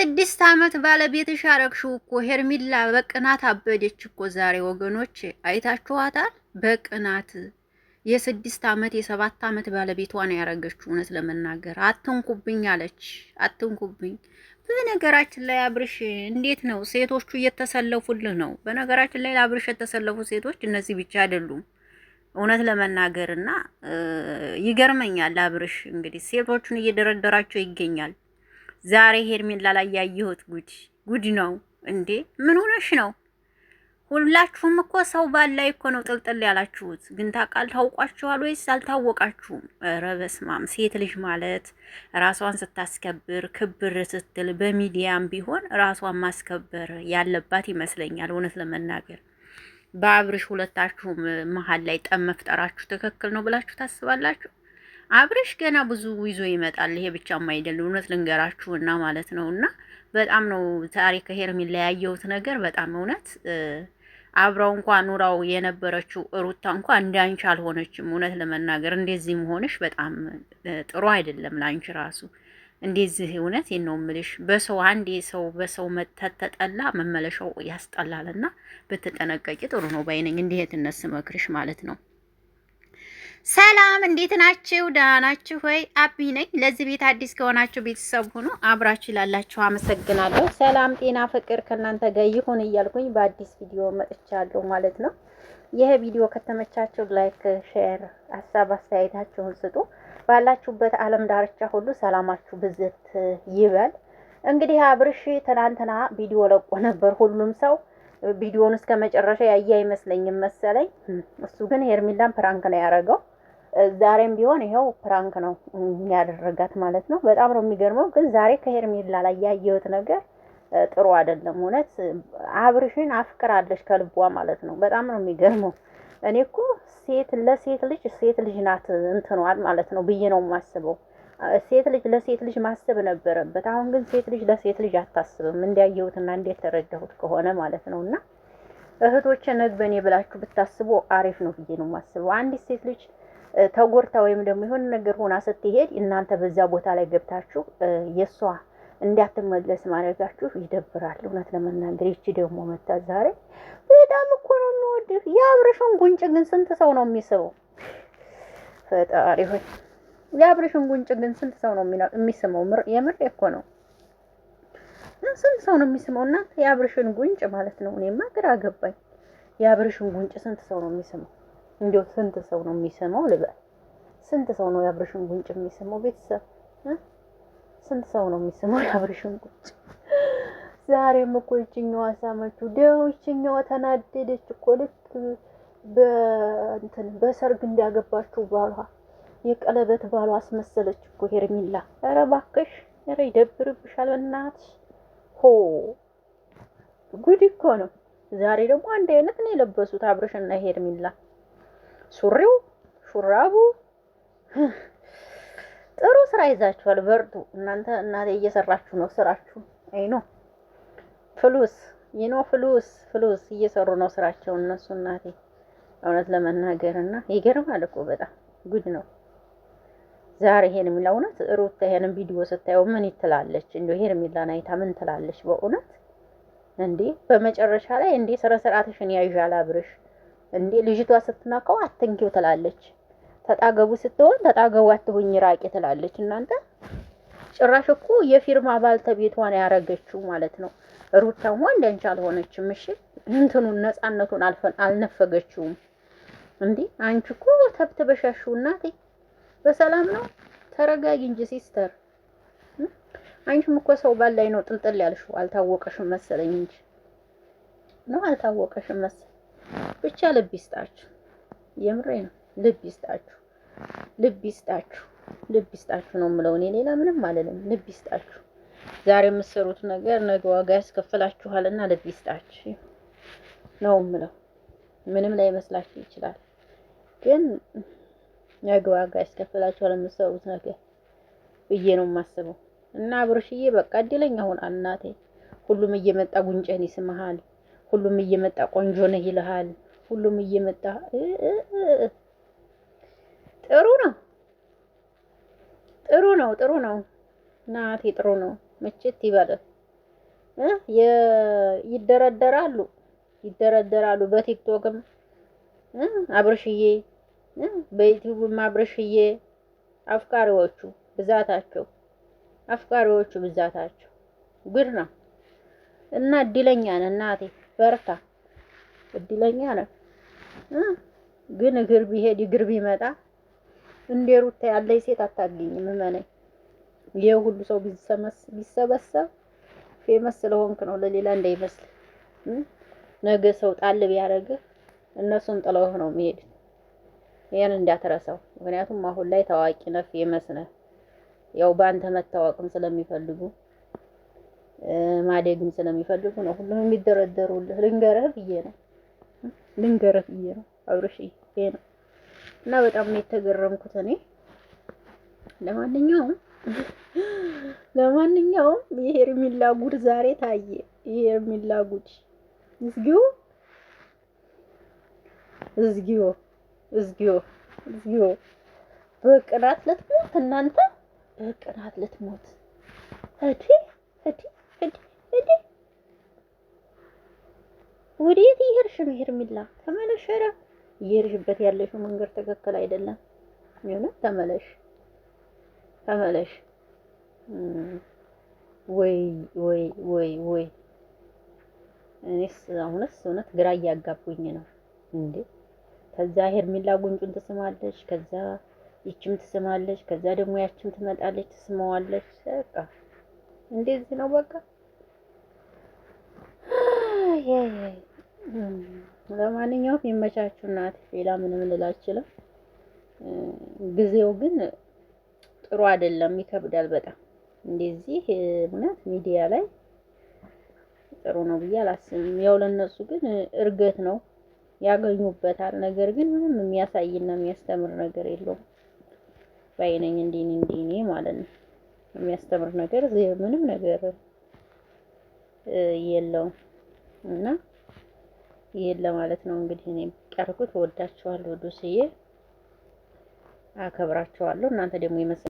ስድስት ዓመት ባለቤትሽ አረግሽው እኮ ሄርሚላ በቅናት አበደች እኮ ዛሬ ወገኖች፣ አይታችኋታል። በቅናት የስድስት ዓመት የሰባት ዓመት ባለቤቷን ያረገችው። እውነት ለመናገር አትንኩብኝ አለች፣ አትንኩብኝ። በነገራችን ላይ አብርሽ እንዴት ነው ሴቶቹ እየተሰለፉልህ ነው። በነገራችን ላይ ለአብርሽ የተሰለፉ ሴቶች እነዚህ ብቻ አይደሉም። እውነት ለመናገር እና ይገርመኛል። አብርሽ እንግዲህ ሴቶቹን እየደረደራቸው ይገኛል። ዛሬ ሄርሜላ ላይ ያየሁት ጉድ ጉድ ነው እንዴ! ምን ሆነሽ ነው? ሁላችሁም እኮ ሰው ባል ላይ እኮ ነው ጥልጥል ያላችሁት። ግን ታቃል ታውቋችኋል ወይስ አልታወቃችሁም? ኧረ በስመ አብ! ሴት ልጅ ማለት ራሷን ስታስከብር ክብር ስትል በሚዲያም ቢሆን ራሷን ማስከበር ያለባት ይመስለኛል። እውነት ለመናገር በአብርሽ ሁለታችሁም መሀል ላይ ጠብ መፍጠራችሁ ትክክል ነው ብላችሁ ታስባላችሁ? አብረሽ ገና ብዙ ይዞ ይመጣል። ይሄ ብቻም አይደለም እውነት ልንገራችሁና ማለት ነው እና በጣም ነው ታሪክ ከሄርሜላ ያየሁት ነገር በጣም እውነት አብረው እንኳ ኑራው የነበረችው ሩታ እንኳ እንዳንቺ አልሆነችም። እውነት ለመናገር እንደዚህ መሆንሽ በጣም ጥሩ አይደለም ለአንቺ ራሱ እንደዚህ እውነት ነው የምልሽ። በሰው አንድ ሰው በሰው መተተጠላ መመለሻው ያስጠላልና ብትጠነቀቂ ጥሩ ነው ባይነኝ። እንዲህ የትነት ስመክርሽ ማለት ነው። ሰላም እንዴት ናችሁ? ደህና ናችሁ ወይ? አቢ ነኝ። ለዚህ ቤት አዲስ ከሆናችሁ ቤተሰብ ሁኑ። አብራችሁ ላላችሁ አመሰግናለሁ። ሰላም፣ ጤና፣ ፍቅር ከእናንተ ጋር ይሁን እያልኩኝ በአዲስ ቪዲዮ መጥቻለሁ ማለት ነው። ይህ ቪዲዮ ከተመቻችሁ ላይክ፣ ሼር፣ ሀሳብ አስተያየታችሁን ስጡ። ባላችሁበት ዓለም ዳርቻ ሁሉ ሰላማችሁ ብዝት ይበል። እንግዲህ አብርሽ ትናንትና ቪዲዮ ለቆ ነበር። ሁሉም ሰው ቪዲዮውን እስከ መጨረሻ ያየ አይመስለኝም መሰለኝ። እሱ ግን ሄርሚላን ፕራንክ ነው ያደረገው ዛሬም ቢሆን ይኸው ፕራንክ ነው ያደረጋት ማለት ነው። በጣም ነው የሚገርመው። ግን ዛሬ ከሄርሜላ ላይ ያየሁት ነገር ጥሩ አይደለም። እውነት አብርሽን አፍቅራለች ከልቧ ማለት ነው። በጣም ነው የሚገርመው። እኔ እኮ ሴት ለሴት ልጅ ሴት ልጅ ናት እንትኗል ማለት ነው ብዬ ነው የማስበው። ሴት ልጅ ለሴት ልጅ ማሰብ ነበረበት። አሁን ግን ሴት ልጅ ለሴት ልጅ አታስብም፣ እንዲያየሁትና እንደተረዳሁት ከሆነ ማለት ነው። እና እህቶቼ ነግበኔ ብላችሁ ብታስቡ አሪፍ ነው ብዬ ነው የማስበው። አንዲት ሴት ልጅ ተጎድታ ወይም ደግሞ የሆነ ነገር ሆና ስትሄድ እናንተ በዛ ቦታ ላይ ገብታችሁ የእሷ እንዳትመለስ ማድረጋችሁ ይደብራል። እውነት ለመናገር ይቺ ደግሞ መታ ዛሬ በጣም እኮ ነው የሚወድህ። የአብርሽን ጉንጭ ግን ስንት ሰው ነው የሚስበው? ፈጣሪ ሆይ የአብርሽን ጉንጭ ግን ስንት ሰው ነው የሚስመው? የምር እኮ ነው ስንት ሰው ነው የሚስመው? እናንተ የአብርሽን ጉንጭ ማለት ነው። እኔማ ግራ ገባኝ። የአብርሽን ጉንጭ ስንት ሰው ነው የሚስመው? እንዲያው ስንት ሰው ነው የሚሰማው ልበል? ስንት ሰው ነው የአብርሽን ጉንጭ የሚሰማው? ቤተሰብ ስንት ሰው ነው የሚሰማው የአብርሽን ጉንጭ? ዛሬም እኮ ይችኛዋ ሳመችው ደው ይችኛዋ ተናደደች እኮ ልክ በእንትን በሰርግ እንዳገባችሁ ባሏ የቀለበት ባሏ አስመሰለች እኮ ሄርሚላ። ኧረ እባክሽ፣ ኧረ ይደብርብሻል በእናትሽ። ሆ ጉድ እኮ ነው። ዛሬ ደግሞ አንድ አይነት ነው የለበሱት አብርሽና ሄርሚላ። ሱሪው፣ ሹራቡ ጥሩ ስራ ይዛችኋል። በርቱ እናንተ እናቴ፣ እየሰራችሁ ነው ስራችሁ። አይ ነው ፍሉስ ይኖ ፍሉስ ፍሉስ እየሰሩ ነው ስራቸው እነሱ እናቴ፣ እውነት ለመናገር እና ይገርማል እኮ በጣም ጉድ ነው። ዛሬ ሄርሜላ እውነት ሩታ ይሄንን ቪዲዮ ስታየው ምን ይትላለች? ትላለች? ይሄን ሄርሜላን አይታ ምን ትላለች? በእውነት እንዴ በመጨረሻ ላይ እንዴ ስነ ስርዓትሽን ያዣል አብርሽ እንዴ ልጅቷ ስትናቀው አትንኪው ትላለች። ተጣገቡ ስትሆን ተጣገቡ አትሁኝ ራቂ ትላለች። እናንተ ጭራሽ እኮ የፊርማ ባልተቤቷን ያረገችው ማለት ነው። ሩታ እንኳን እንደንቻ አልሆነችም። እሺ እንትኑን ነፃነቱን አልነፈገችውም። እንዲህ አንቺ እኮ ተብትበሻሽው እናቴ፣ በሰላም ነው። ተረጋጊ እንጂ ሲስተር። አንቺም እኮ ሰው ባል ላይ ነው ጥልጥል ያልሽው። አልታወቀሽም መሰለኝ እንጂ ነው አልታወቀሽም መሰለኝ ብቻ ልብ ይስጣችሁ። የምሬ ነው። ልብ ይስጣችሁ፣ ልብ ይስጣችሁ፣ ልብ ይስጣችሁ ነው የምለው እኔ ሌላ ምንም አልልም። ልብ ይስጣችሁ። ዛሬ የምትሰሩት ነገር ነገ ዋጋ ያስከፍላችኋልና ልብ ይስጣችሁ ነው የምለው። ምንም ላይ መስላችሁ ይችላል፣ ግን ነገ ዋጋ ያስከፍላችኋል የምትሰሩት ነገር ብዬ ነው የማስበው። እና ብርሽዬ በቃ እድለኛ ሁን እናቴ። ሁሉም እየመጣ ጉንጨን ይስምሃል። ሁሉም እየመጣ ቆንጆ ነህ ይልሃል። ሁሉም እየመጣ ጥሩ ነው ጥሩ ነው ጥሩ ነው ናቴ ጥሩ ነው መቼት ይበላል ይደረደራሉ ይደረደራሉ በቲክቶክም አብርሽዬ በዩቲዩብም አብርሽዬ አፍቃሪዎቹ ብዛታቸው አፍቃሪዎቹ ብዛታቸው ጉድ ነው እና እድለኛ ነን እናቴ በርታ እድለኛ ነን ግን እግር ቢሄድ እግር ቢመጣ እንደ ሩታ ያለች ሴት አታገኝም። እመነኝ። ይሄ ሁሉ ሰው ቢሰበሰብ ፌመስ ስለሆንክ ነው፣ ለሌላ እንዳይመስል። ነገ ሰው ጣል ቢያደርግህ እነሱን ጥለውህ ነው የሚሄድ። ይሄን እንዳትረሳው። ምክንያቱም አሁን ላይ ታዋቂ ነህ፣ ፌመስ ነህ። ያው በአንተ መታወቅም ስለሚፈልጉ ማደግም ስለሚፈልጉ ነው ሁሉም የሚደረደሩልህ። ልንገረህ ብዬ ነው። ልንገረት ብዬ ነው አብረሽ ይሄ ነው እና በጣም ነው የተገረምኩት እኔ። ለማንኛውም ለማንኛውም የሄርሜላ ጉድ ዛሬ ታየ። የሄርሜላ ጉድ እዝጊዮ እዝጊዮ እዝጊዮ እዝጊዮ በቅናት ልትሞት እናንተ በቅናት ልትሞት እዲ እዲ እዲ እዲ ወዴት እየሄድሽ ነው ሄርሜላ? ተመለሽ። ኧረ እየሄድሽበት ያለሽው መንገድ ትክክል አይደለም። የእውነት ተመለሽ፣ ተመለሽ። ወይ ወይ ወይ ወይ! እኔስ አሁንስ እውነት ግራ እያጋቡኝ ነው እንዴ! ከዛ ሄርሜላ ጉንጩን ትስማለች፣ ከዛ ይችም ትስማለች፣ ከዛ ደግሞ ያችም ትመጣለች፣ ትስማዋለች። በቃ እንደዚህ ነው በቃ አይ አይ ለማንኛውም ይመቻችሁ እናቴ። ሌላ ምንም ልል አልችልም። ጊዜው ግን ጥሩ አይደለም፣ ይከብዳል በጣም እንደዚህ እውነት ሚዲያ ላይ ጥሩ ነው ብዬ አላስብም። ያው ለነሱ ግን እርገት ነው ያገኙበታል። ነገር ግን ምንም የሚያሳይና የሚያስተምር ነገር የለውም ባይነኝ እንዲህ እንዲህ ማለት ነው የሚያስተምር ነገር ምንም ነገር የለውም እና ይሄን ለማለት ነው እንግዲህ እኔ ቀርኩት። ወዳችኋለሁ፣ ዱስዬ አከብራችኋለሁ። እናንተ ደግሞ